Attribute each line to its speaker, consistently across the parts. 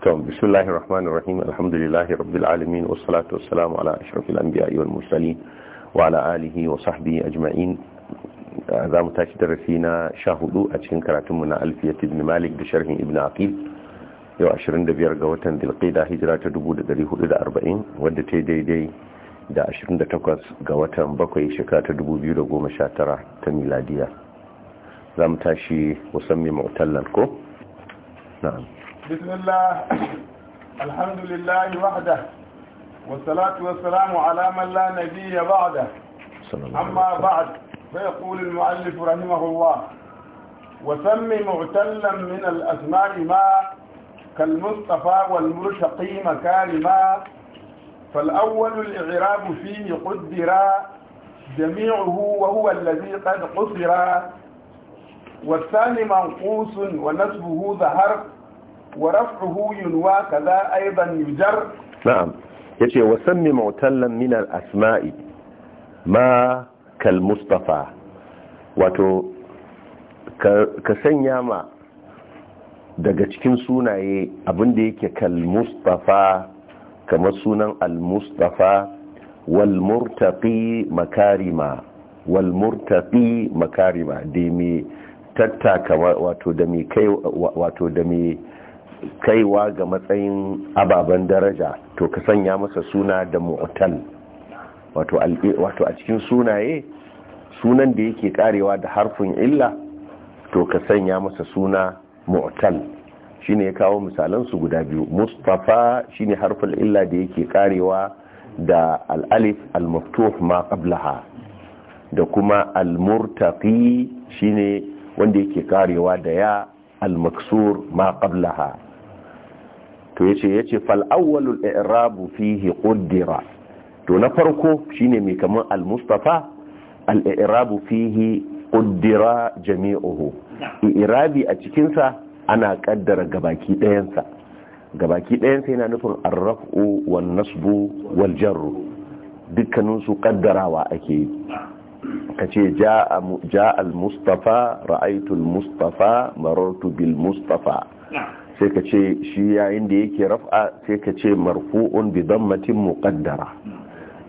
Speaker 1: To, bismillahir rahmanir rahim alhamdulillahi rabbil alamin was salatu was salam ala ashrafil anbiya'i wal mursalin wa ala alihi wa sahbihi ajma'in za zamu tashi darasi na sha hudu a cikin karatun mu na alfiyat malik da sharhin ibn aqil yau 25 ga watan dilqida hijira ta 1440 wadda ta daidai da 28 ga watan bakwai shekara ta tara ta miladiya za zamu tashi musamman mu'tallal ko بسم
Speaker 2: الله الحمد لله وحده والصلاة والسلام على من لا نبي بعده أما بعد فيقول المؤلف رحمه الله وسم معتلا من الأسماء ما كالمصطفى والمرشقي مكارما فالأول الإعراب فيه قدرا جميعه وهو الذي قد قصرا والثاني منقوص ونسبه ظهر ورفعه ينوى كذا أيضا يجر
Speaker 1: نعم يشي وسمي معتلا من الأسماء ما كالمصطفى وتو كسن ياما daga cikin sunaye abin da yake kalmustafa kamar sunan almustafa walmurtaqi makarima walmurtaqi makarima da mai tattaka wato da mai kai wato da mai kaiwa ga matsayin ababen daraja to ka sanya masa suna da mu'tal wato a cikin sunaye sunan da yake karewa da harfin illa to ka sanya masa suna mu'tal shine ya kawo misalan su guda biyu mustafa shine harfin illa da yake karewa da al'alif alif al-maftuh ma qablaha da kuma al-murtaqi shine wanda yake karewa da ya al-maksur ma qablaha to yace yace fal awwalul i'rabu fihi quddira to na farko shine mai kaman al mustafa al i'rabu fihi quddira jami'uhu i'rabi a cikin sa ana kaddara gabaki ɗayan sa gabaki ɗayan sa yana nufin ar-raf'u wan nasbu wal dukkanin su kaddarawa ake yi ka ce ja al-mustafa ra'aitul mustafa marartu bil mustafa sai ka ce shi yayin da yake raf'a sai ka ce marfu'un bi dammatin muqaddara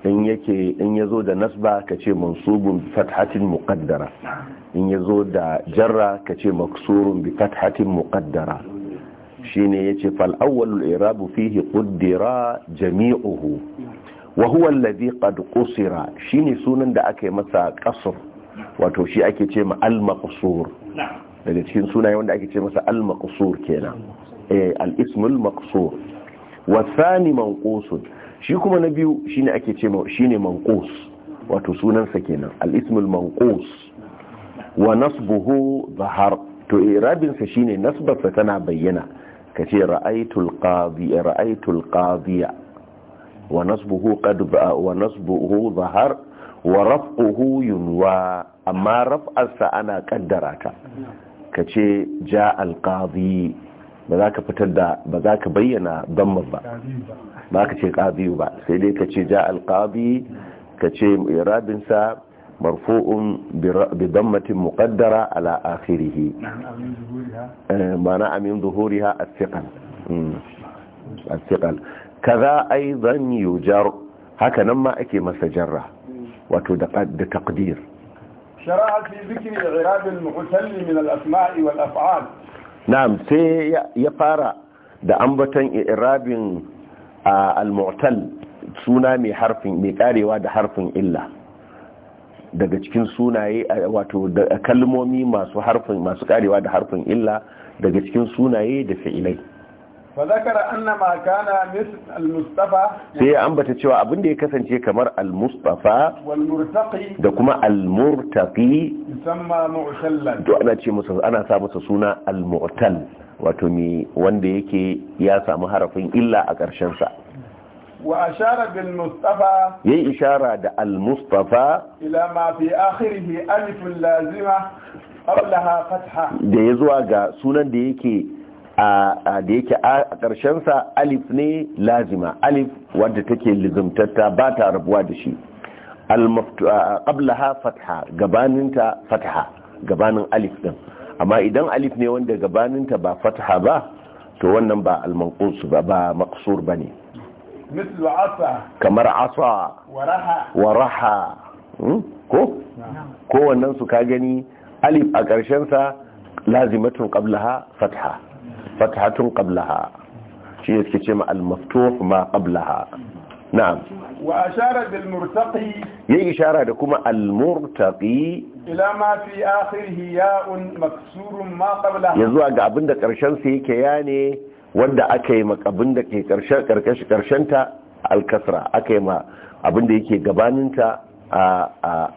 Speaker 1: in yake in yazo da nasba ka ce mansubun bi fathatin muqaddara in yazo da jarra ka ce maksurun bi fathatin muqaddara shine yace fal awwalul i'rabu fihi quddira jami'uhu wa huwa alladhi qad qusira shine sunan da aka yi masa qasr wato shi ake ce ma al maqsur daga cikin sunaye wanda ake ce masa al-maqsur kenan eh al-ismul maqsur wa thani manqus shi kuma na biyu shine ake ce shine manqus wato sunansa kenan al-ismul manqus wa nasbuhu zahar to irabin eh, sa shine nasbarsa tana bayyana kace ra'aytul qadi ra'aytul qadiya wa nasbuhu qad wa nasbuhu zahar wa rafquhu yunwa amma raf'arsa ana kaddara ta ka ce ja alƙazi ba za ka fitar da ba za ka bayyana damar ba ba ka ce ƙazi ba sai dai ka ce ja alƙazi ka ce rabinsa marfu'un bi dammatin muqaddara ala akhirih eh, ma'ana amin zuhuriha as-siqal hmm. as-siqal kaza aidan yujar haka nan ma ake masa jarra wato da takdir.
Speaker 2: شرعت في ذكر إعراب المعتل من الأسماء والأفعال
Speaker 1: نعم سي يقارأ da ambaton irabin al-mu'tal suna mai harfin mai karewa da harfin illa daga cikin sunaye wato kalmomi masu harfin masu karewa da harfin illa daga cikin sunaye da fi'ilai
Speaker 2: فذكر na ما al مثل Sai ya
Speaker 1: ambata cewa abin da ya kasance kamar al-mustafa da kuma al murtaki to ana ce musu ana sa musu suna al-mu'tal wato ne wanda yake ya samu harafin illa a ƙarshen sa
Speaker 2: wa ashara bil mustafa
Speaker 1: yayi ishara da al-mustafa
Speaker 2: ila ma fi akhirih alif lazima qablaha fatha
Speaker 1: da ya zuwa ga sunan da yake da yake a ƙarshensa alif ne lazima alif wadda take lizumtatta ba ta rabuwa da shi qablaha fatha gabaninta fatha gabanin alif din amma idan alif ne wanda gabaninta ba fatha ba to wannan ba almanqus ba ba maqsur bane
Speaker 2: mislu asa
Speaker 1: kamar asa wa raha hmm? ko ko wannan su ka gani alif a ƙarshensa lazimatun qablaha fatha fathatun qablaha shi yake ce ma al-maftuh ma qablaha na'am
Speaker 2: wa ashara bil murtaqi
Speaker 1: yayi ishara da kuma al-murtaqi
Speaker 2: ila ma fi akhirih ya'un maksurun ma qablaha yanzu
Speaker 1: ga abinda karshen sa yake ya ne wanda aka yi makabin da ke karshen karkashi karshen ta al-kasra aka yi ma abinda yake gabanin ta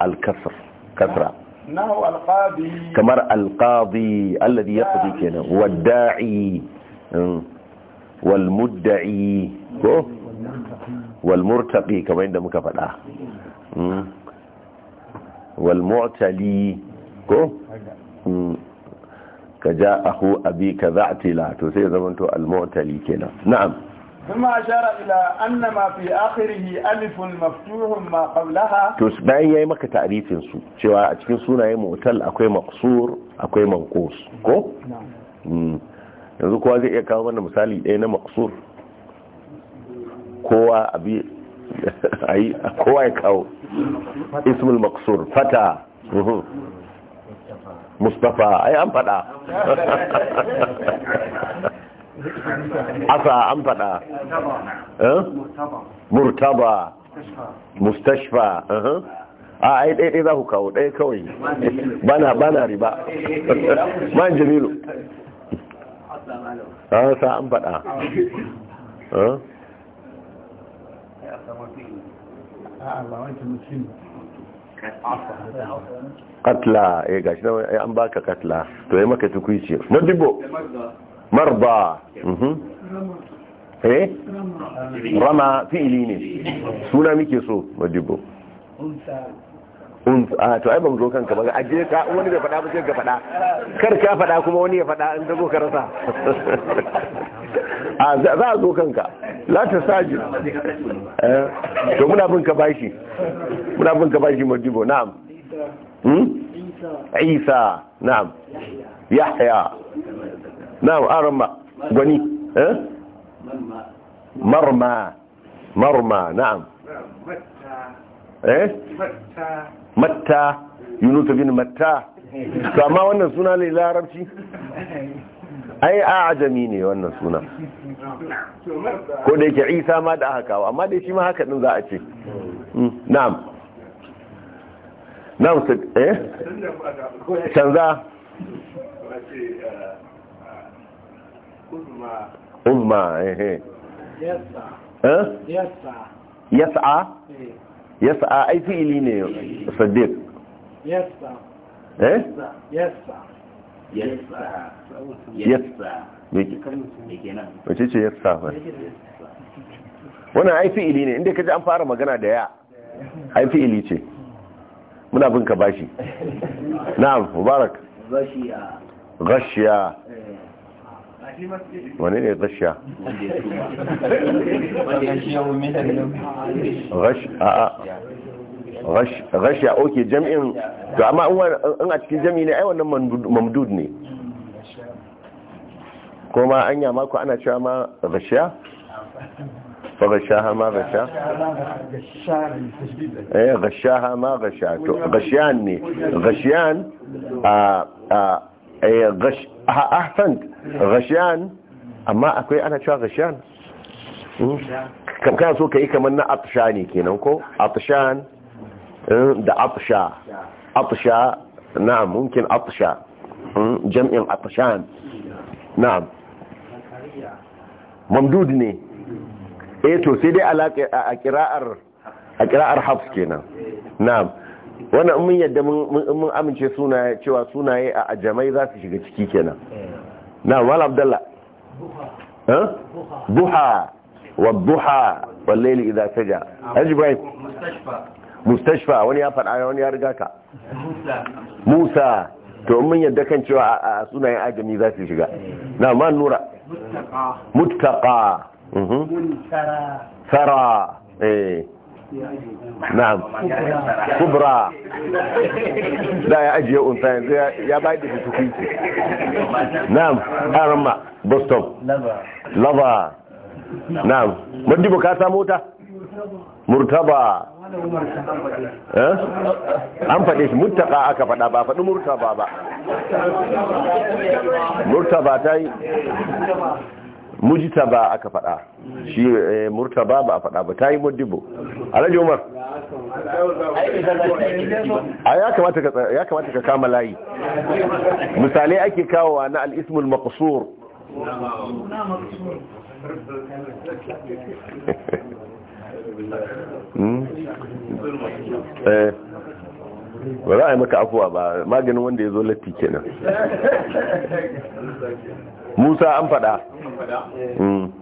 Speaker 1: al-kasr kasra
Speaker 2: nahu alqadi kamar
Speaker 1: alqadi alladhi yaqdi kenan wadda'i hmm. wal mudda'i ko wal murtaqi kamar yadda muka faɗa hmm. wal mu'tali ko hmm. ka ja'ahu abi ka za'tila to sai zamanto al mu'tali kenan na'am
Speaker 2: ثم أشار إلى أن ما في آخره ألف مفتوح ما قبلها
Speaker 1: to bayan ya yi maka ta'rifin su cewa a cikin sunaye mutal akwai maqsur akwai manqus ko hmm. yanzu kowa zai iya kawo mana misali ɗaya na maqsur kowa ya kawo ismul maqsur fata hmm.
Speaker 3: mustafa ai an asa
Speaker 1: an faɗa eh? murtaba mustashfa a ai dai dai za ku kawo ɗaya kawai bana bana riba man jamilu an sa an faɗa katla ya eh, gashi na an baka katla to ya maka tukwici madibo marba eh rama fi'ili ne suna muke so madibo a to ai ban zo kanka ba a je ka wani da fada ba sai ka fada kar ka fada kuma wani ya fada in ka zo ka rasa a za a zo kanka la ta saji to muna bin ka bashi muna bin ka bashi madibo na'am isa na'am yahya na'am aran ma gwani eh marma marma na'am eh matta yunus bin matta to amma wannan suna ne larabci ai ajami ne wannan suna ko da yake isa ma da aka kawo amma dai shi ma haka din za a ce hmm, na'am na'am eh canza umma ehe
Speaker 3: yas'a
Speaker 1: yas'a ai fi'ili ne sadiq yas'a eh
Speaker 3: yas'a yas'a yas'a wace ce yas'a
Speaker 1: wannan ai fi'ili ne inda kaje an fara magana da ya ai fi'ili ce muna bin ka bashi na'am mubarak
Speaker 3: gashiya
Speaker 1: gashiya
Speaker 3: eh. wani ne gashya
Speaker 1: gashya oke jami'in to amma in a cikin jami'i ne ai wannan mamdud ne kuma an yi amaku ana cewa ma gashya gashaha ma gasha eh gashaha ma gasha to gashyan ne gashyan ahsan eh, gashiyan ah, ah, amma akwai ana cewa gashiyan hmm? kan so ka yi kamar na atsha ne kenan ko atshan hmm, da atsha atsha na'am mumkin atsha hmm, jam'in atshan na'am mamdud ne eh to sai dai a kira'ar a kira'ar hafs kenan na'am wannan mun yadda mun amince sunaye cewa sunaye a ajamai za su shiga ciki kenan na wal abdalla Buha! wa Buha! Wa layli idha saja ajibai mustashfa wani ya faɗa wani ya riga ka musa to mun yadda kan cewa a sunayen ajami za su shiga na ma nura muttaka muttaka sara mhm. sara eh
Speaker 3: na'am kubra da ya ajiye
Speaker 1: unta yanzu ya bai da tukunci na'am arama boston lava na'am mandi bukata mota murtaba
Speaker 3: eh? an faɗe shi
Speaker 1: murtaba aka faɗa ba faɗi murtaba ba
Speaker 3: murtaba ta yi
Speaker 1: mujtaba aka faɗa shi eh, murtaba ba a faɗa ba ta yi modibo alhaji umar a ya kamata ka kama layi misali ake kawowa na al'ismul maqsur
Speaker 3: hmm? eh,
Speaker 1: ba za a yi maka afuwa ba maganin wanda ya zo latti kenan
Speaker 3: musa an fada mm. mm.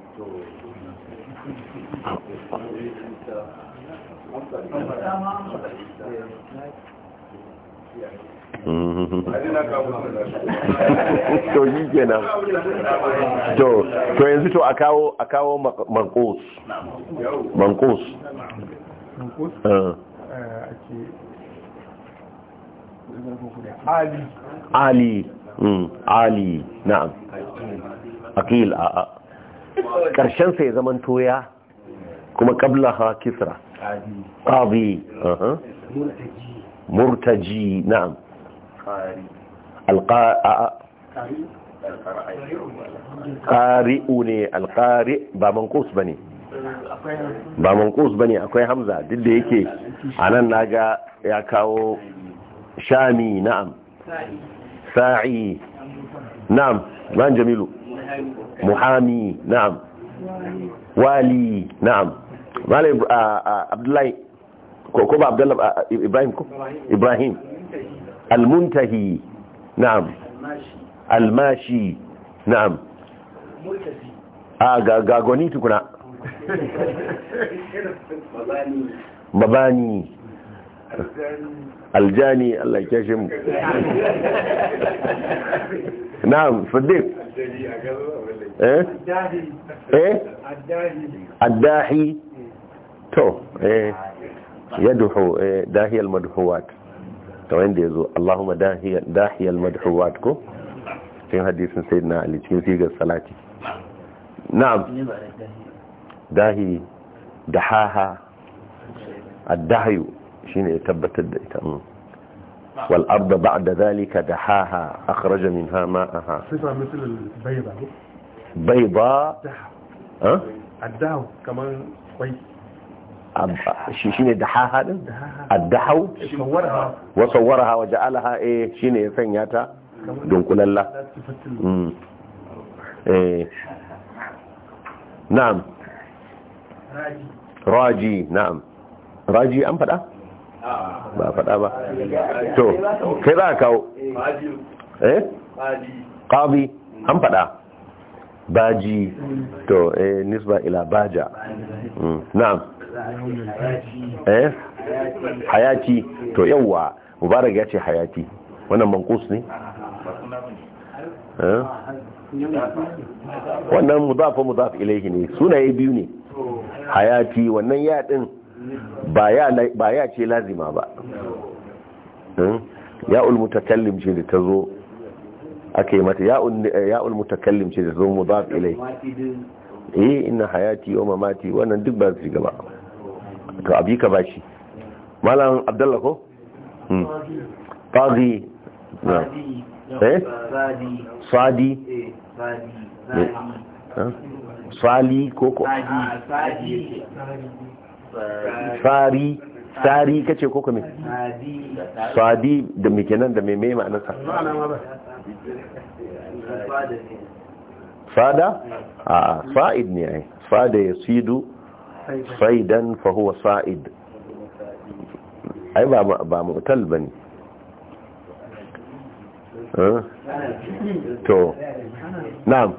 Speaker 3: to yi kenan to to yanzu to
Speaker 1: a kawo a kawo mankos mankos uh. eh, ali ali mm, na'am aqil a'a
Speaker 3: karshen sa ya zaman toya
Speaker 1: kuma ha kisra qadi murtaji na'am alqa ne alqari ba manqus bane ba manqus bane akwai hamza duk da yake anan naga ya kawo shami na'am sa'i na'am ban jamilu
Speaker 3: muhami
Speaker 1: na'am wali na'am malam uh, uh, abdullahi ko ba abdullahi uh, ibrahim ko ibrahim al-muntahi na'am mashi na'am ah, a gagoni tukuna babani aljani allah ya kashe mu
Speaker 3: na'am siddiq eh eh
Speaker 1: to eh yadhu eh, dahi to wanda yazo Allahumma dahi dahi almadhuwat ko cikin sai na ali cikin sigar salati na'am dahi dahaha addahi shine ya tabbatar da ita mm. والارض بعد ذلك دحاها اخرج منها ماءها
Speaker 3: صفة مثل البيضة
Speaker 1: بيضاء ها
Speaker 3: الدحو كمان بيض
Speaker 1: شيني دحاها الدحو صورها وصورها وجعلها ايه شيني فنياتا دون كل الله إيه. نعم راجي راجي نعم راجي ام فدا
Speaker 3: ba faɗa ba to kai za a kawo
Speaker 1: eh ƙabi an faɗa baji to eh nisba ila baja mm, na'am
Speaker 3: eh hayati to yawwa
Speaker 1: mubarak ya ce hayati wannan manqus ne
Speaker 3: eh? wannan
Speaker 1: mudafa mudafa ilaihi ne sunaye biyu ne hayati wannan yadin din ba ya ce lazima ba hmm? Ya ulmuta kallin ce da ta zo aka yi mata ya ya'ul mutakallim ce da zo mu ba ilai eh ina hayati ma mamati wannan duk ba su gaba to abi ka bashi malam abdullah ko hmm. qadi eh sadi sadi
Speaker 3: eh.
Speaker 1: sali fadi fadi
Speaker 3: sadi fari sari kace ko mai sadi
Speaker 1: da muke nan da mai, mai ma'anarsa fada a fa'id ne ai fada ya sidu saidan fa huwa sa'id ai ba ba mutal bane to na'am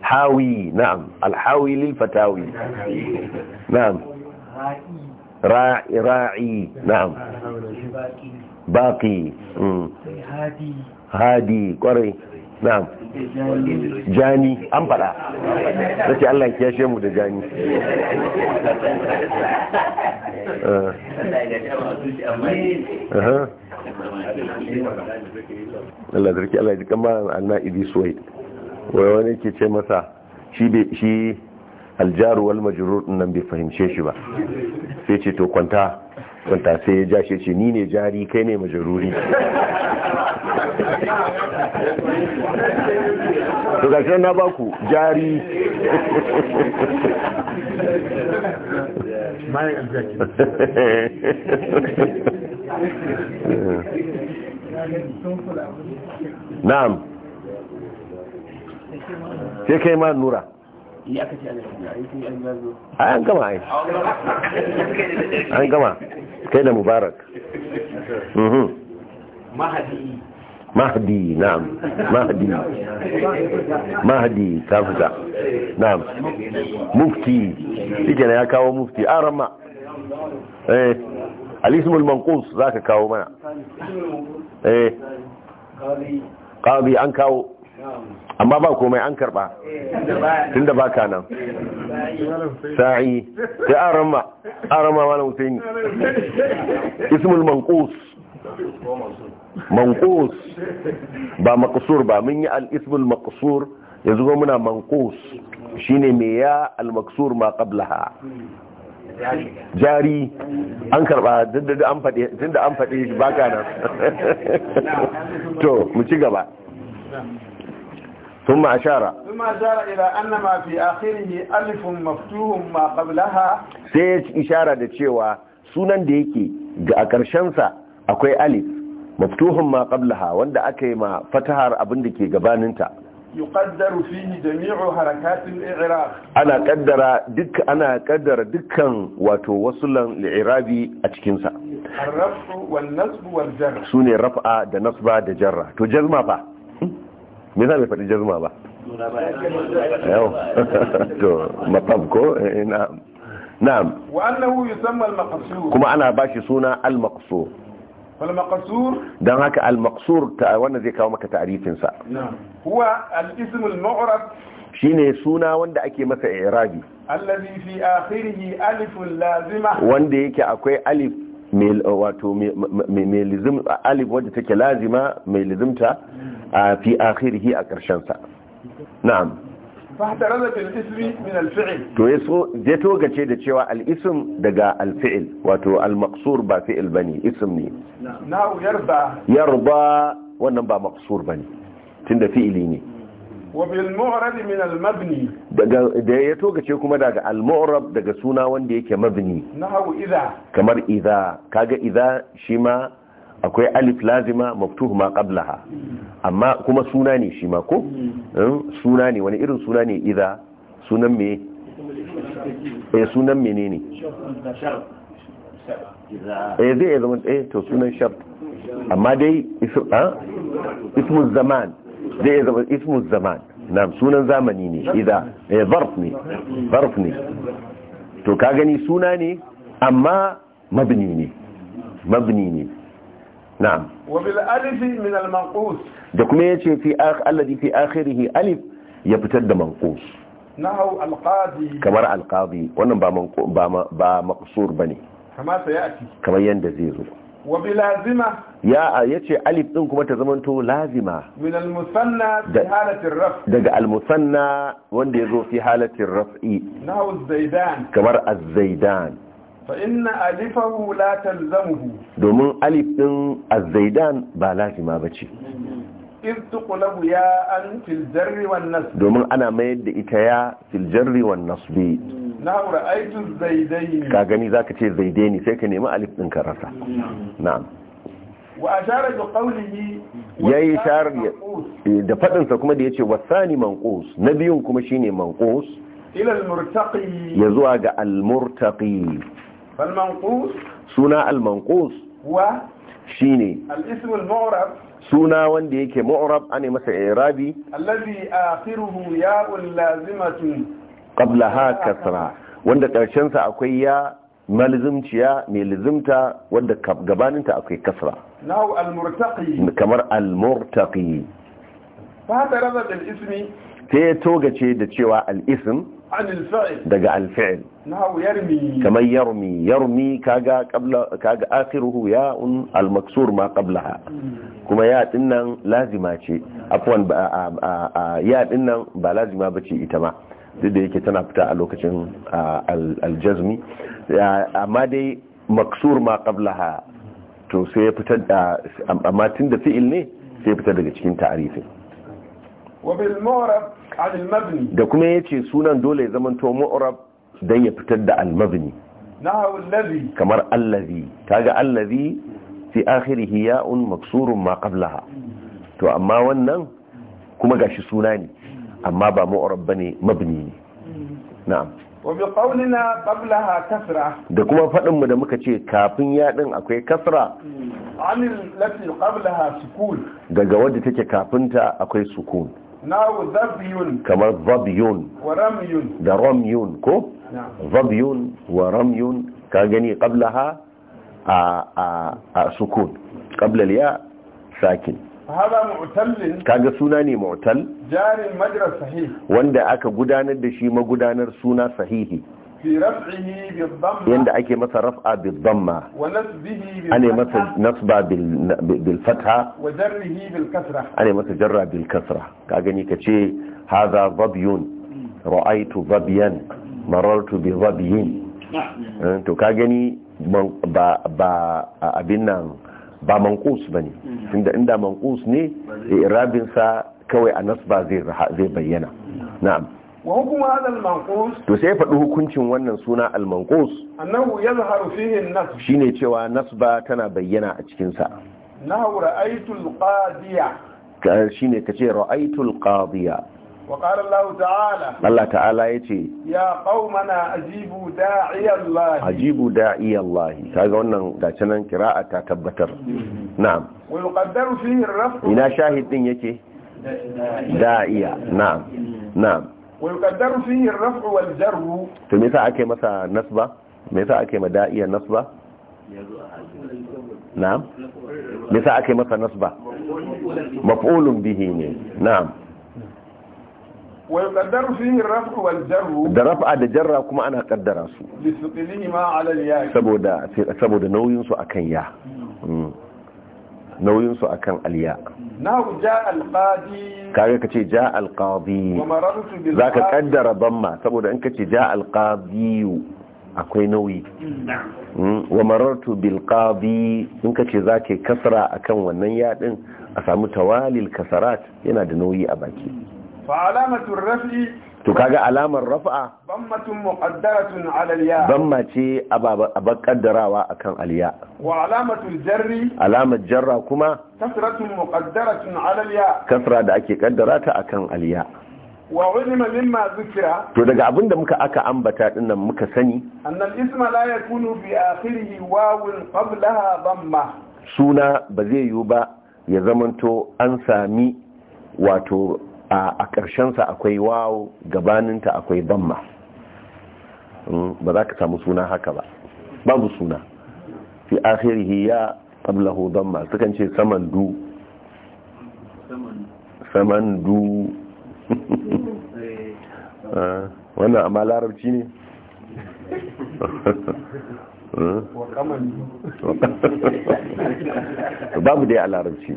Speaker 1: hawi na'am alhawi lil fatawi na'am ra'i ra'i na'am baqi
Speaker 3: hadi mm.
Speaker 1: hadi kwarai na'am jani an fada nace Allah ya mu da jani eh. Allah zarki Allah ya ji kamar annabi wani ke ce masa shi shi aljaru wal majrur din nan bai fahimce shi ba sai ce to kwanta kwanta sai ya jashe ce ni ne jari kai ne majruri to ga na baku jari
Speaker 3: na'am sai kai ma nura a an gama ai an gama kai da mubarak mhm.
Speaker 1: mahadi na'am mahadi mahadi ta fita na'am mufti shike ya kawo mufti an ah, rama eh alismul za ka kawo mana eh qadi an kawo amma ba komai an karba tun da baka nan
Speaker 3: sa'i ta arama arama wani husaini ismul manqus
Speaker 1: manqus ba maqsur ba mun yi al-ismul maqsur yanzu kuma muna manqus shine me ya al-maqsur ma qablaha jari an karba da an faɗi tunda an baka nan to mu ci gaba ثم أشار
Speaker 2: ثم أشار إلى أن ما في آخره ألف مفتوح ما قبلها
Speaker 1: سيج إشارة تشيوا sunan da yake ga a ƙarshensa akwai alif maftuhun ma qablaha wanda aka yi ma fatahar abin da ke gabaninta
Speaker 2: yuqaddaru fihi jami'u harakatil i'rab
Speaker 1: ana ana kaddara dukkan wato wasulan li'irabi a cikin sa
Speaker 2: ar-raf'u wan wal jar sune
Speaker 1: raf'a da nasba da jarra to jazma fa me za mai faɗi jazuma ba
Speaker 2: yau
Speaker 1: to matam ko eh, na'am
Speaker 2: wa kuma ana
Speaker 1: shi suna al-maqsur
Speaker 2: fal maqsur
Speaker 1: haka al-maqsur ta wannan zai kawo maka ta'rifin
Speaker 2: huwa al-ism
Speaker 1: shine suna wanda ake masa i'rabi
Speaker 2: allazi lazima wanda
Speaker 1: yake akwai alif mai wato take lazima mai lazimta hmm. a fi akhirihi a ƙarshen sa na'am to ya so ya togace da cewa al'isim daga alfi'il wato al-maqsur ba fi'il bane isim ne yarba yarba wannan ba maqsur bane tunda fi'ili ne da ya togace kuma daga al-mu'rab daga suna wanda yake mabni kamar idha kaga idha shi ma akwai alif lazima maftuhu ma qablaha amma kuma suna ne shi ma ko hmm? suna ne wani irin suna ne idza sunan me eh sunan menene eh zai zama eh to sunan shab amma dai ismu zaman zai zama ismu zaman na'am sunan zamani ne idza eh zarf ne zarf ne to ka gani suna ne amma mabni ne mabni ne na'am
Speaker 2: wa bil min al manqus
Speaker 1: da kuma yace fi akh alladhi fi akhirih alif ya fitar da manqus
Speaker 2: nahu al qadi kamar
Speaker 1: al qadi wannan ba ba ba maqsur bane
Speaker 2: kama sayati
Speaker 1: kamar yanda zai zo
Speaker 2: wa lazima
Speaker 1: ya yace alif ɗin kuma ta zamanto lazima
Speaker 2: min al musanna fi halati
Speaker 1: daga al musanna wanda yazo fi halati raf'i kamar al
Speaker 2: fa inna alifahu la talzamuhu
Speaker 1: domin alif din az-zaidan ba lazima bace
Speaker 2: in tuqlabu ya an fil jarri wan nasb domin
Speaker 1: ana mayar da ita ya fil jarri wan nasb
Speaker 2: na ra'aytu zaidaini ka gani
Speaker 1: zaka ce zaidaini sai ka nemi alif din ka rasa na'am
Speaker 2: wa ashara bi qawlihi yayi ishar
Speaker 1: eh, da fadin sa kuma da yace wasani manqus na biyun kuma shine manqus
Speaker 2: ila al-murtaqi ya
Speaker 1: zuwa ga al-murtaqi
Speaker 2: فالمنقوص
Speaker 1: سنا المنقوص هو شيني
Speaker 2: الاسم المعرب
Speaker 1: suna wanda yake mu'rab ane masa i'rabi
Speaker 2: allazi akhiruhu ya'un lazimatun
Speaker 1: qablaha kasra wanda karshen sa akwai ya malzumciya mai lizumta wanda gabaninta akwai kasra
Speaker 2: nau almurtaqi
Speaker 1: kamar almurtaqi
Speaker 2: fa tarada bil sai
Speaker 1: ya togace da cewa al daga alfi'il kamar yarmi yarmi kaga akiruhu ya un almaksur ma qablaha kuma ya nan lazima ce afwan ya nan ba lazima ba ce ita ma duk da yake tana fita a lokacin aljazmi amma dai maksur ma qablaha to sai ya fita amma tun da fi'il ne sai ya fita daga cikin ta'arifin da kuma ya ce sunan dole ya zama to mu'rab don ya fitar da almabni kamar allazi kaga allazi fi akhirihi ya'un maksurun ma qablaha to amma wannan kuma gashi suna ne amma ba mu'rab bane mabni ne na'am
Speaker 2: wa bi qawlina qablaha kasra
Speaker 1: da kuma fadin mu da muka ce kafin ya din akwai kasra
Speaker 2: anil lati qablaha sukun
Speaker 1: daga wanda take kafinta akwai sukun
Speaker 2: nahu zabiyun
Speaker 1: kamar zabiyun
Speaker 2: wa ramyun
Speaker 1: da ramyun ko zabiyun wa ramyun ka gani qablaha a a sukun qabla ya sakin kaga suna ne mu'tal wanda aka gudanar da shi magudanar suna sahihi yanda ake masa raf'a bil damma
Speaker 2: ane masa
Speaker 1: nasba bil fatha ane masa jarra bil kasra ka gani ka ce haza zabiyun ra'aytu zabiyan marartu bi zabiyin to ka gani ba ba abin nan ba manqus bane tunda inda manqus ne irabin sa kawai a nasba zai zai bayyana na'am
Speaker 2: وهو كما faɗi
Speaker 1: المنقوص wannan suna al-manqus annahu cewa nasba tana bayyana a cikinsa. sa
Speaker 2: nahu ra'aytu al
Speaker 1: ka shine kace ra'aytu Allah
Speaker 2: ta'ala Allah ta'ala yace ya qaumana ajibu da'iya lahi. ajibu
Speaker 1: da'iya Allah kaga wannan ga cinan qira'ata tabbatar na'am
Speaker 2: wa yuqaddaru ina
Speaker 1: shahidin yake
Speaker 2: da'iya na'am na'am wa yuqaddaru fihi ar-raf'u wal jarru
Speaker 1: to me sa ake masa nasba me sa ake ma da'iya nasba na'am me sa ake masa nasba maf'ulun bihi ne na'am
Speaker 2: wa yuqaddaru fihi ar-raf'u wal jarru da raf'a da
Speaker 1: jarra kuma ana kaddara su
Speaker 2: li ma 'ala al-ya
Speaker 1: saboda saboda nauyin su akan ya hmm. Hmm. nauyinsu a kan aliya kare ka ce ja alƙadi za ka ƙaddara banma saboda in ka ja alƙadiyu akwai nauyi hmm? wa marartu bilƙadi in ka ce za ka kasara a kan wannan yaɗin a samu tawalil kasarat yana da nauyi a baki
Speaker 2: alamatu rafi
Speaker 1: to kaga alamar rafa'a
Speaker 2: bammatun muqaddaratun ala alya Bamma
Speaker 1: ce abakaddarawa akan alya
Speaker 2: wa alamatul jarri
Speaker 1: alamat jarra kuma
Speaker 2: kasratun muqaddaratun ala alya
Speaker 1: kasra da ake kaddara ta akan alya
Speaker 2: wa ulima mimma zikra
Speaker 1: to daga abinda muka aka ambata dinnan muka sani
Speaker 2: annal isma la yakunu bi akhirihi wawun qablaha damma
Speaker 1: suna ba zai yiwu ba ya zamanto an sami wato a ƙarshensa akwai wawo gabaninta akwai damma hmm, ba za ka samu suna haka ba babu suna fi akhirihi ya qablahu damma sukan ce saman du saman du
Speaker 3: ah,
Speaker 1: wannan amma larabci ne hmm?
Speaker 2: babu dai a larabci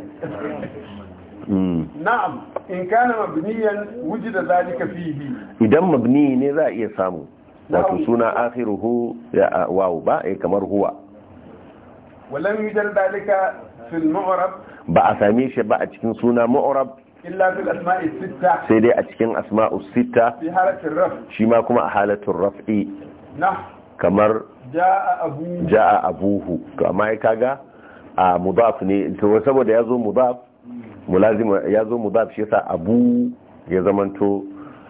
Speaker 1: na'am
Speaker 2: in kana mabniyan wujida zalika fihi
Speaker 1: idan mabni ne za a iya samu
Speaker 2: wato suna
Speaker 1: akhiruhu ya wawu ba eh kamar huwa
Speaker 2: walam yujal zalika fil mu'rab
Speaker 1: ba a same shi ba a cikin suna mu'rab
Speaker 2: illa fil asma'i sitta sai
Speaker 1: dai a cikin asma'u sitta fi
Speaker 2: halatir raf shi
Speaker 1: ma kuma a halatul raf'i nah kamar
Speaker 2: ja'a abuhu jaa
Speaker 1: abuhu to amma ya kaga a mudaf ne to saboda yazo mudaf mulazima ya zo mudaf shi yasa abu ya zamanto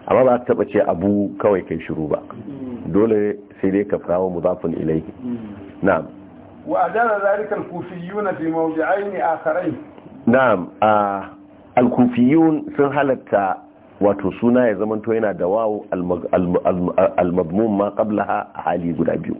Speaker 1: amma ba ta taba ce abu kawai kai shiru ba dole sai dai ka kawo mudafun ilaihi na'am
Speaker 2: wa adana zalika al kufiyyun fi mawdi'ain akharain
Speaker 1: na'am al kufiyyun sun halatta wato suna ya zamanto yana da wawo al-madmum ma qablaha a hali guda biyu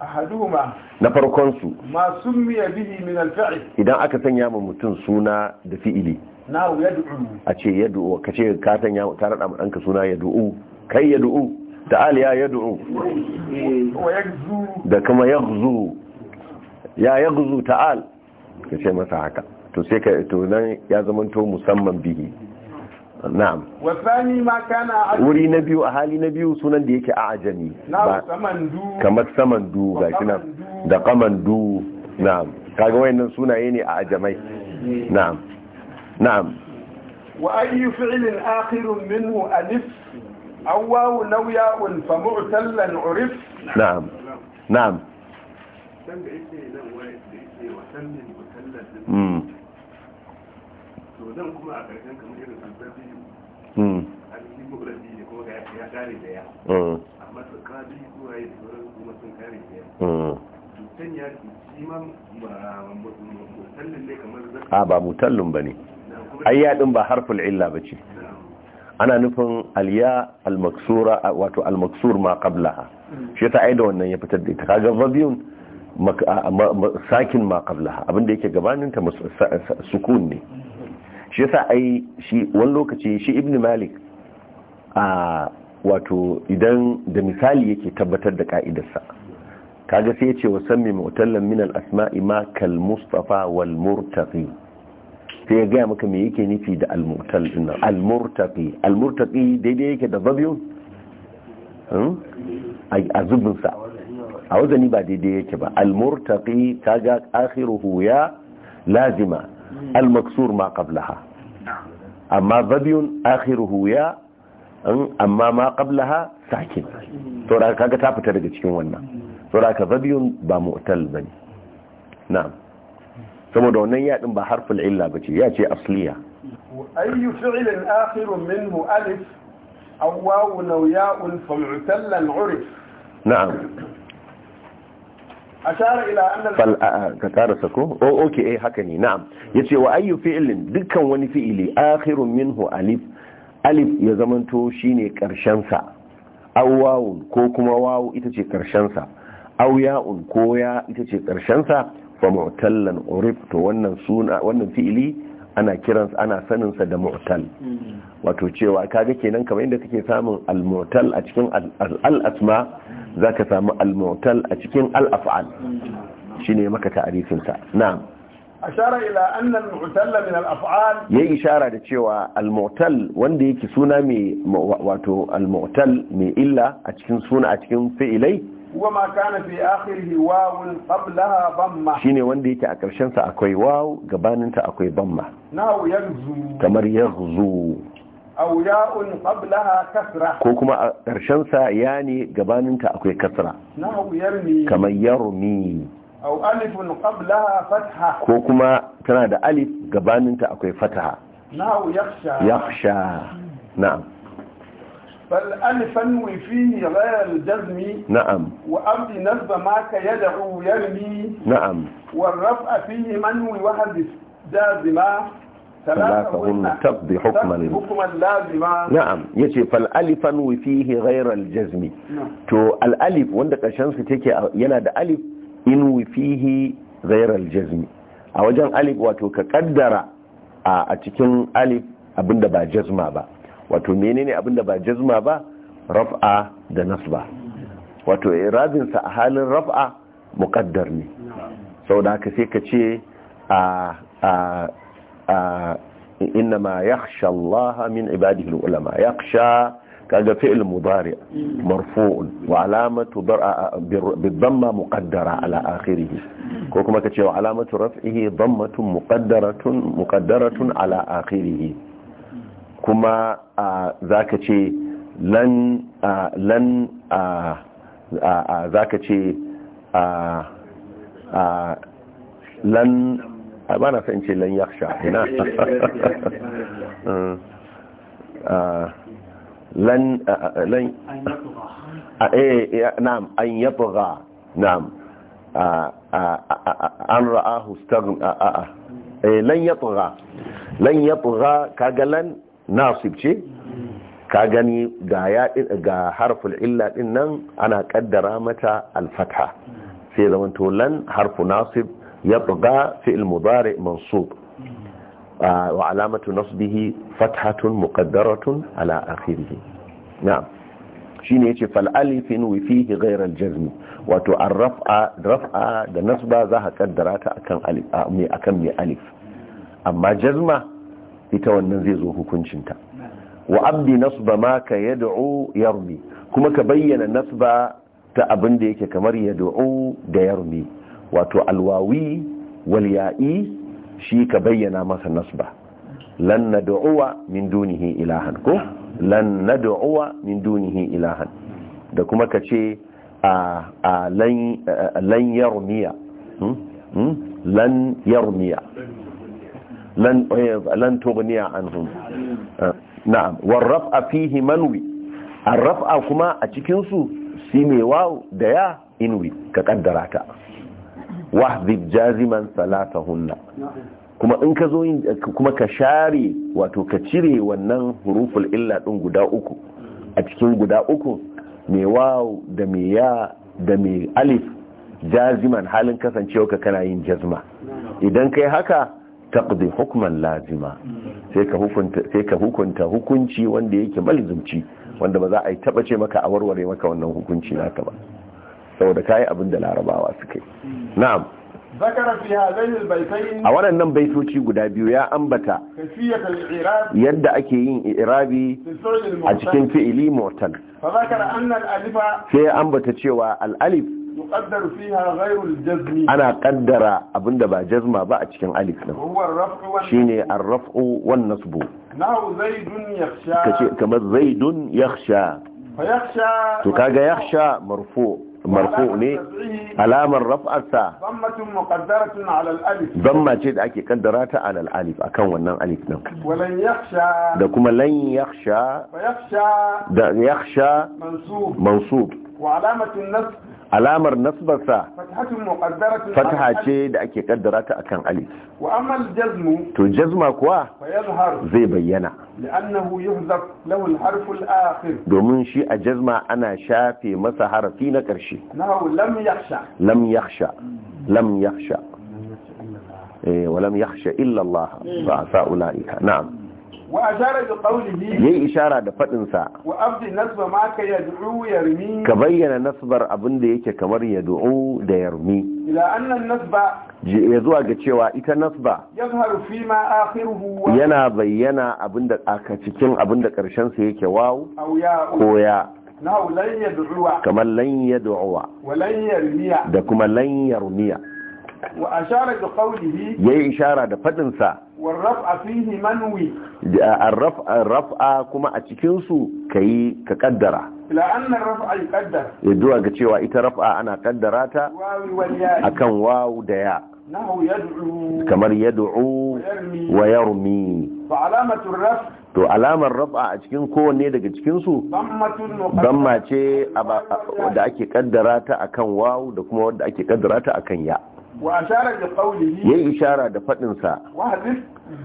Speaker 2: ahaduhuma na farkon su ma summiya bihi min al
Speaker 1: idan aka sanya ma mutum suna da fi'ili na yad'u a ce yad'u ka ce ka sanya ka rada ma danka suna yad'u kai yad'u ta'al ya yad'u da kuma yaghzu ya yaghzu ta'al ka ce masa haka to sai ka to nan ya zamanto musamman bihi na'am
Speaker 2: wasani ma kana wuri
Speaker 1: na biyu a hali na biyu sunan da yake ajami kamar
Speaker 2: saman
Speaker 1: samandu ga kina da kaman kamandu na'am kaga wayannan sunaye ne a ajamai na'am na'am
Speaker 2: wa ayyu fi'lin akhirun minhu alif aw waw law ya'un fa mu'tallan urif na'am na'am dan ga yake nan wai yake wa sannin mutallan hmm. to kuma a karshen
Speaker 3: hmm. ya kare
Speaker 1: ba mutallin ba ne ayyadin ba illa ba ce ana nufin alya almaksura wato almaksur ma qablaha hmm. shi ta aida wannan ya fitar da ita kaga vabiyun sakin ma qablaha abinda yake gabanin ta sukun ne hmm. shi yasa ai shi wani lokaci shi ibn malik a wato idan da misali yake tabbatar da ka'idarsa kaga sai ya ce wa sami mutallan min al-asma'i ma kal mustafa wal murtaqi sai ya gaya maka me yake nufi da al-mutal al-murtaqi al-murtaqi daidai yake da zabiyu hmm? a zubin sa a wazani ba daidai yake ba al-murtaqi kaga akhiruhu ya lazima al-maksur ma qablaha amma zabiyun akhiruhu ya amma ma qablaha sakin saboda kaga ta fita daga cikin wannan saboda ka zabiyun ba mu'tal bane na'am saboda wannan ya din ba harful illa bace ya ce asliya
Speaker 2: ayyu fi'lin akhiru min alif aw wawu aw ya'un fa mu'tallan 'urif
Speaker 1: na'am ashara ka ko o okay eh haka ne na'am yace wa ayyu fi'lin dukkan wani fi'ili akhirun minhu alif alif ya zamanto shine karshen sa aw wawu ko kuma wawu ita ce karshen sa aw ya'un ko ya ita ce karshen sa fa mu'tallan urif to wannan suna wannan fi'ili ana kiransa ana sanin sa da mu'tal wato cewa kaga kenan kamar inda kake samun al-mu'tal a cikin al-asma zaka samu al-mu'tal a cikin al-af'al shine maka ta'arifin sa na'am
Speaker 2: ashara ila anna al-mu'tal min al-af'al
Speaker 1: yayi ishara da cewa al-mu'tal wanda yake suna mai wato al-mu'tal mai illa a cikin suna a cikin fi'ilai
Speaker 2: huwa ma kana fi akhirihi wawun qablaha damma shine
Speaker 1: wanda yake a karshen sa akwai waw gabanin ta akwai damma
Speaker 2: nahu yanzu
Speaker 1: kamar yanzu
Speaker 2: أو ياء قبلها كسرة كوكما
Speaker 1: أرشنسا يعني جبانك أكوي كسرة
Speaker 2: نحو نعم، يرمي كما
Speaker 1: يرمي
Speaker 2: أو ألف قبلها فتحة كوكما
Speaker 1: تنادى ألف جبانك أكوي فتحة
Speaker 2: نحو نعم، يخشى
Speaker 1: يخشى نعم
Speaker 2: فالألف أنوي فيه غير الجزم نعم وأبدي نصب ما كيدعو يرمي نعم والرفع فيه منوي وحد جازما talakahunna taqdi hukman lazima na'am
Speaker 1: yace fal alifan wa fihi ghayra jazmi to al'alif alif wanda karshen su take yana da alif in wa fihi ghayra al jazmi a wajen alif wato ka ƙaddara a cikin alif abinda ba jazma ba wato menene abinda ba jazma ba raf'a da nasba wato rabinsa a halin raf'a muqaddar ne saboda haka sai ka ce a انما يخشى الله من عباده العلماء يخشى kaga fi'il mudari marfu'un wa alamatu bidamma muqaddara ala akhirih ko kuma ka ce wa alamatu raf'ihi tun muqaddaratun muqaddaratun ala akhirih kuma zaka ce lan lan zaka ce lan a ba na san ce lan yaksha ina ah, lan ah, ah, lan eh, eh na'am an yabgha na'am an ra'ahu staghna a a eh, lan yabgha lan yabgha kaga lan nasib ce ka gani ga ya ga harful illa din nan ana kaddara mata al-fatha sai zamanto lan harfu nasib يطغى في المضارع منصوب وعلامة نصبه فتحة مقدرة على آخره نعم shine yace fal alifin wa fihi ghayr al jazm wato ar raf'a raf'a da nasba za a kaddara ta akan alif mai akan alif amma jazma ita wannan zai zo hukuncin ta wa abdi nasba ma ka yad'u yarmi kuma ka bayyana nasba ta abin da yake kamar yad'u da yarmi wato alwawi walya'i shi ka bayyana masa nasba lan nad'uwa min dunihi ilahan ko lan nad'uwa min dunihi ilahan da kuma ka ce a hmm? Hmm? lan yarmiya lan yarmiya eh, lan tughniya anhum eh, na'am raf'a fihi manwi raf'a kuma a cikin su simewa da ya inwi ka kaddara ta wahdib jaziman salatahunna kuma in ka zo kuma ka share wato ka cire wannan huruful illa din guda uku a cikin guda uku me waw da me ya da me alif jaziman halin kasancewa ka kana yin jazma idan kai haka taqdi hukman lazima sai ka hukunta sai ka hukunta hukunci wanda yake malzumci wanda ba za a yi taba ce maka a warware maka wannan hukunci naka ba saboda kayi abin da larabawa suka yi na'am a waɗannan baitoci guda biyu ya ambata yadda ake yin irabi
Speaker 2: a cikin fi'ili mortal sai
Speaker 1: ya ambata cewa al'alif ana kaddara abinda ba jazma ba a cikin alif din shine an rafu wan nasbu kamar zaidun yakhsha to kaga yakhsha marfu' مرفوع ليه علامة الرفع الثاء
Speaker 2: ضمة مقدرة على الألف ضمة
Speaker 1: جد أكي قدرات على الألف أكون ونم ألف نم
Speaker 2: ولن يخشى دكما
Speaker 1: لن يخشى فيخشى يخشى منصوب منصوب
Speaker 2: وعلامة النصب
Speaker 1: alamar nasbarsa
Speaker 2: fataha ce
Speaker 1: da ake kaddara ta akan alif
Speaker 2: to jazma kuwa zai
Speaker 1: bayyana domin shi a jazma ana shafe masa harafi na ƙarshe lam yakhsha lam yakhsha ولم يخشى إلا الله فأساء أولئك
Speaker 2: yayi
Speaker 1: ishara da faɗinsa ka bayyana nasbar abin da yake kamar ya du'u da yarmi ya zuwa ga cewa ita nasba yana bayyana abin da aka cikin abin da ƙarshensa yake wawu
Speaker 2: ko ya kamar
Speaker 1: lan ya du'uwa da kuma lan yarmiya wa ashara ishara da fadin sa
Speaker 2: wa raf'a fihi manwi
Speaker 1: raf'a kuma a cikin su kai ka kaddara
Speaker 2: la anna raf'a yuqaddar
Speaker 1: ga cewa ita raf'a ana kaddara ta akan wawu da ya kamar yad'u wa yarmi
Speaker 2: fa alamatu raf
Speaker 1: to alamar raf'a a cikin kowanne daga cikin su damma ce da ake kaddara ta akan wawu da kuma wanda ake kaddara ta akan ya Wa ya ishara da faɗinsa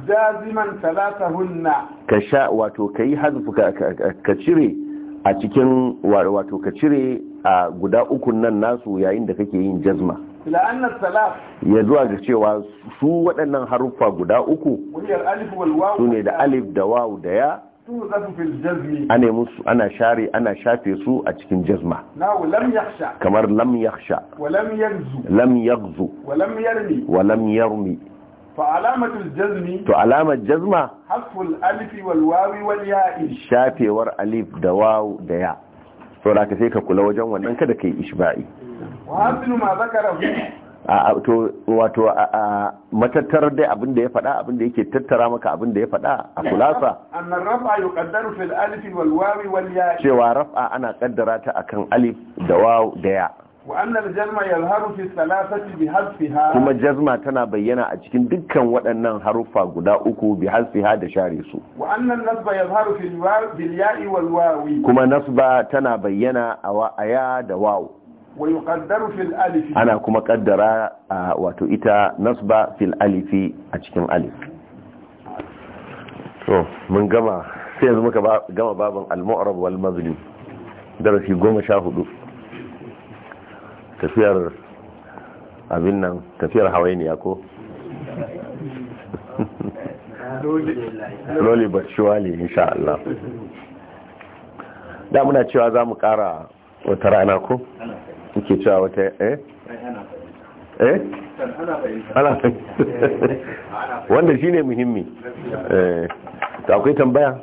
Speaker 2: jaziman talatahunna
Speaker 1: ka sha wato ka yi hazufu ka cire a cikin wato ka cire a guda ukun nan nasu yayin da kake yin jazma ya zuwa ga cewa su waɗannan haruffa guda uku su ne da alif da wawu da
Speaker 2: ya ana
Speaker 1: musu ana share ana shafe su a cikin jazma kamar lam yakhsha lam yaghzu wa lam yarmi to alamar jazma
Speaker 2: Haful ya'i.
Speaker 1: shafewar alif da waw da ya to da ka sai ka kula wajen wannan kada kai ishba'i
Speaker 2: wa hasinu ma zakara
Speaker 1: wato matattarar dai abin da ya faɗa abin da yake tattara maka abin da ya faɗa a kulasa cewa raf'a ana kaddara ta akan alif da waw da ya kuma jazma tana bayyana a cikin dukkan waɗannan haruffa guda uku bi hasfiha da share su kuma nasba tana bayyana a ya
Speaker 2: da waw ana kuma
Speaker 1: kaddara wato ita nasba fil alifi a cikin alif to mun gama sai yanzu muka gama babin al-mu'rab wal mazlum darasi 14 tafiyar abin nan tafiyar hawainiya ko loli bashuwali insha Allah da muna cewa za mu kara wata rana ko kuke cewa wata eh eh, eh? ana wanda shine muhimmi eh akwai tambaya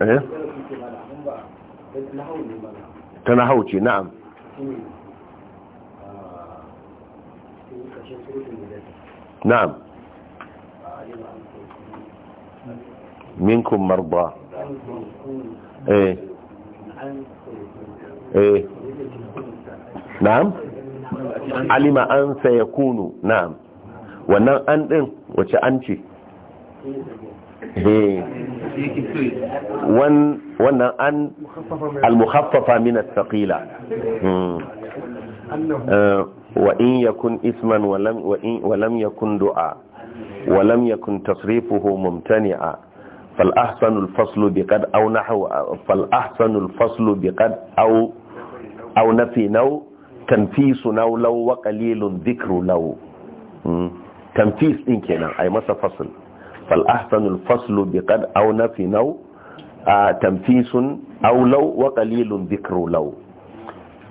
Speaker 1: eh ta na hauce na'am na'am minkum marba eh eh na'am alima an saya kunu na'am wannan an din wace an ce eh. wannan an al-mukhaffafa min as-saqila hmm. eh, wa in yakun isman wa lam yakun du'a wa lam yakun tasrifuhu mumtani'a fal ahsanu al-faslu biqad aw nahwa fal ahsanu al aw aw nafi naw tanfis naulau wa qalilun dhikru law hmm? tanfis din kenan ay masa fasl fal al faslu bi qad aw nafi naw tanfis aw law wa qalilun dhikru law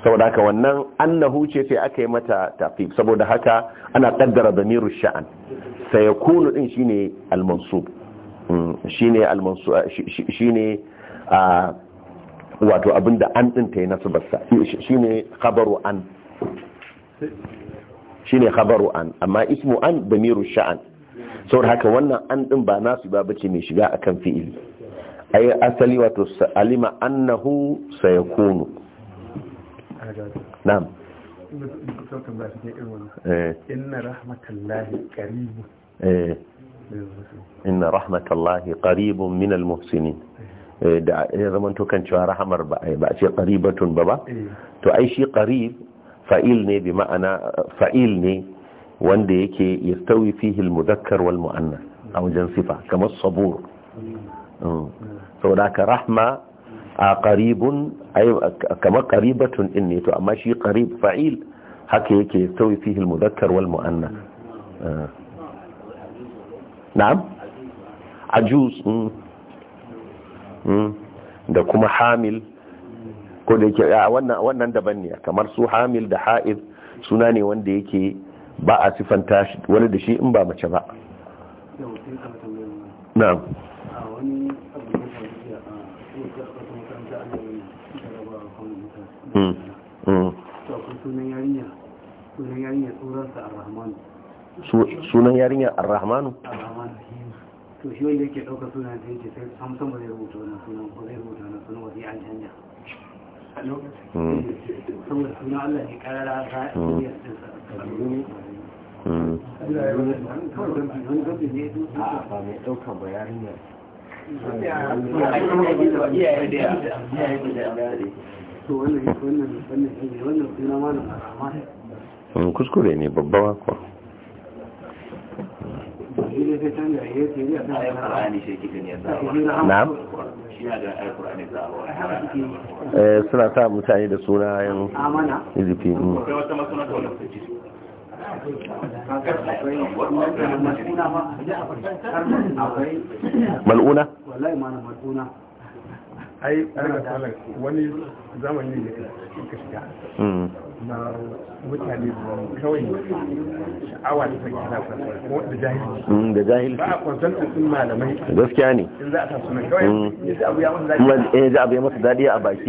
Speaker 1: saboda haka wannan annahu ce sai aka yi mata tafif saboda haka ana kaddara damiru sha'an sayakunu din shine al-mansub hmm? shine al-mansub shine wato abinda an din ta yi basa shine khabaru an shine khabaru an amma ismu an damiru sha'an saboda haka wannan an din ba nasu ba bace mai shiga akan fi'ili ai asali wato alima annahu sayakunu na'am
Speaker 3: eh. inna rahmatallahi qarib
Speaker 1: eh. inna rahmatallahi Eh, da ya zama kan cewa rahamar ba a ce qaribatun ba ba mm. to ai shi ƙarib fa'il ne bi ma'ana fa'il ne wanda yake yastawi fihi al-mudhakkar wal mu'annas a wajen sifa kamar sabur mm. Mm. saboda ka rahma a ƙaribun ai kamar qaribatun din ne to amma shi ƙarib fa'il haka yake yastawi fihi al-mudhakkar wal mu'annas eh. na'am ajuz Hmm? da kuma hamil ko da yake wannan daban ne kamar su hamil da ha'id suna ne wanda yake ba a sifanta wani da shi in ba mace ba na'am hmm. Hmm. sunan yarinyar arrahmanu
Speaker 3: to shi wanda yake ɗaukar sunan sai sai samson ba zai rubuta wannan sunan ko zai rubuta wannan sunan an canja saboda sunan Allah ne karara
Speaker 1: mm, kuskure ne suna sa mutane da suna yin izifi mm.
Speaker 2: mal'una? wallahi wani zamani ne mm.
Speaker 3: na mutane ba mm, a gaskiya ne a kawai
Speaker 1: a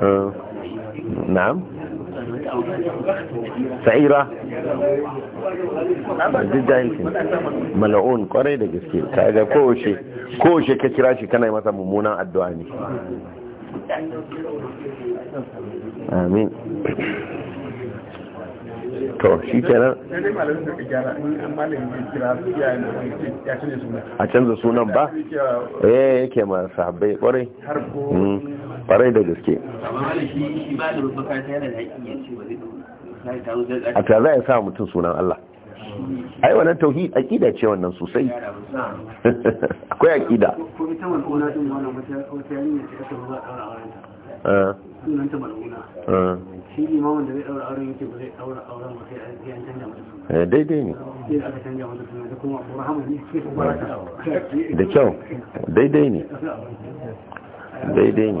Speaker 1: eh, eh, eh. na'am
Speaker 3: sa'ira duk
Speaker 1: mala'un kwarai da gaske ta ga kowace kowace ka kira shi kana yi masa mummunan addu'a ne amin
Speaker 3: to shi kenan a canza sunan ba
Speaker 1: eh yake ma sahabbai kwarai mm, kwarai da gaske a ta za a sa mutum sunan Allah ai wannan tauhid aqida ce wannan sosai akwai aqida daidai ne
Speaker 3: daidai ne daidai ne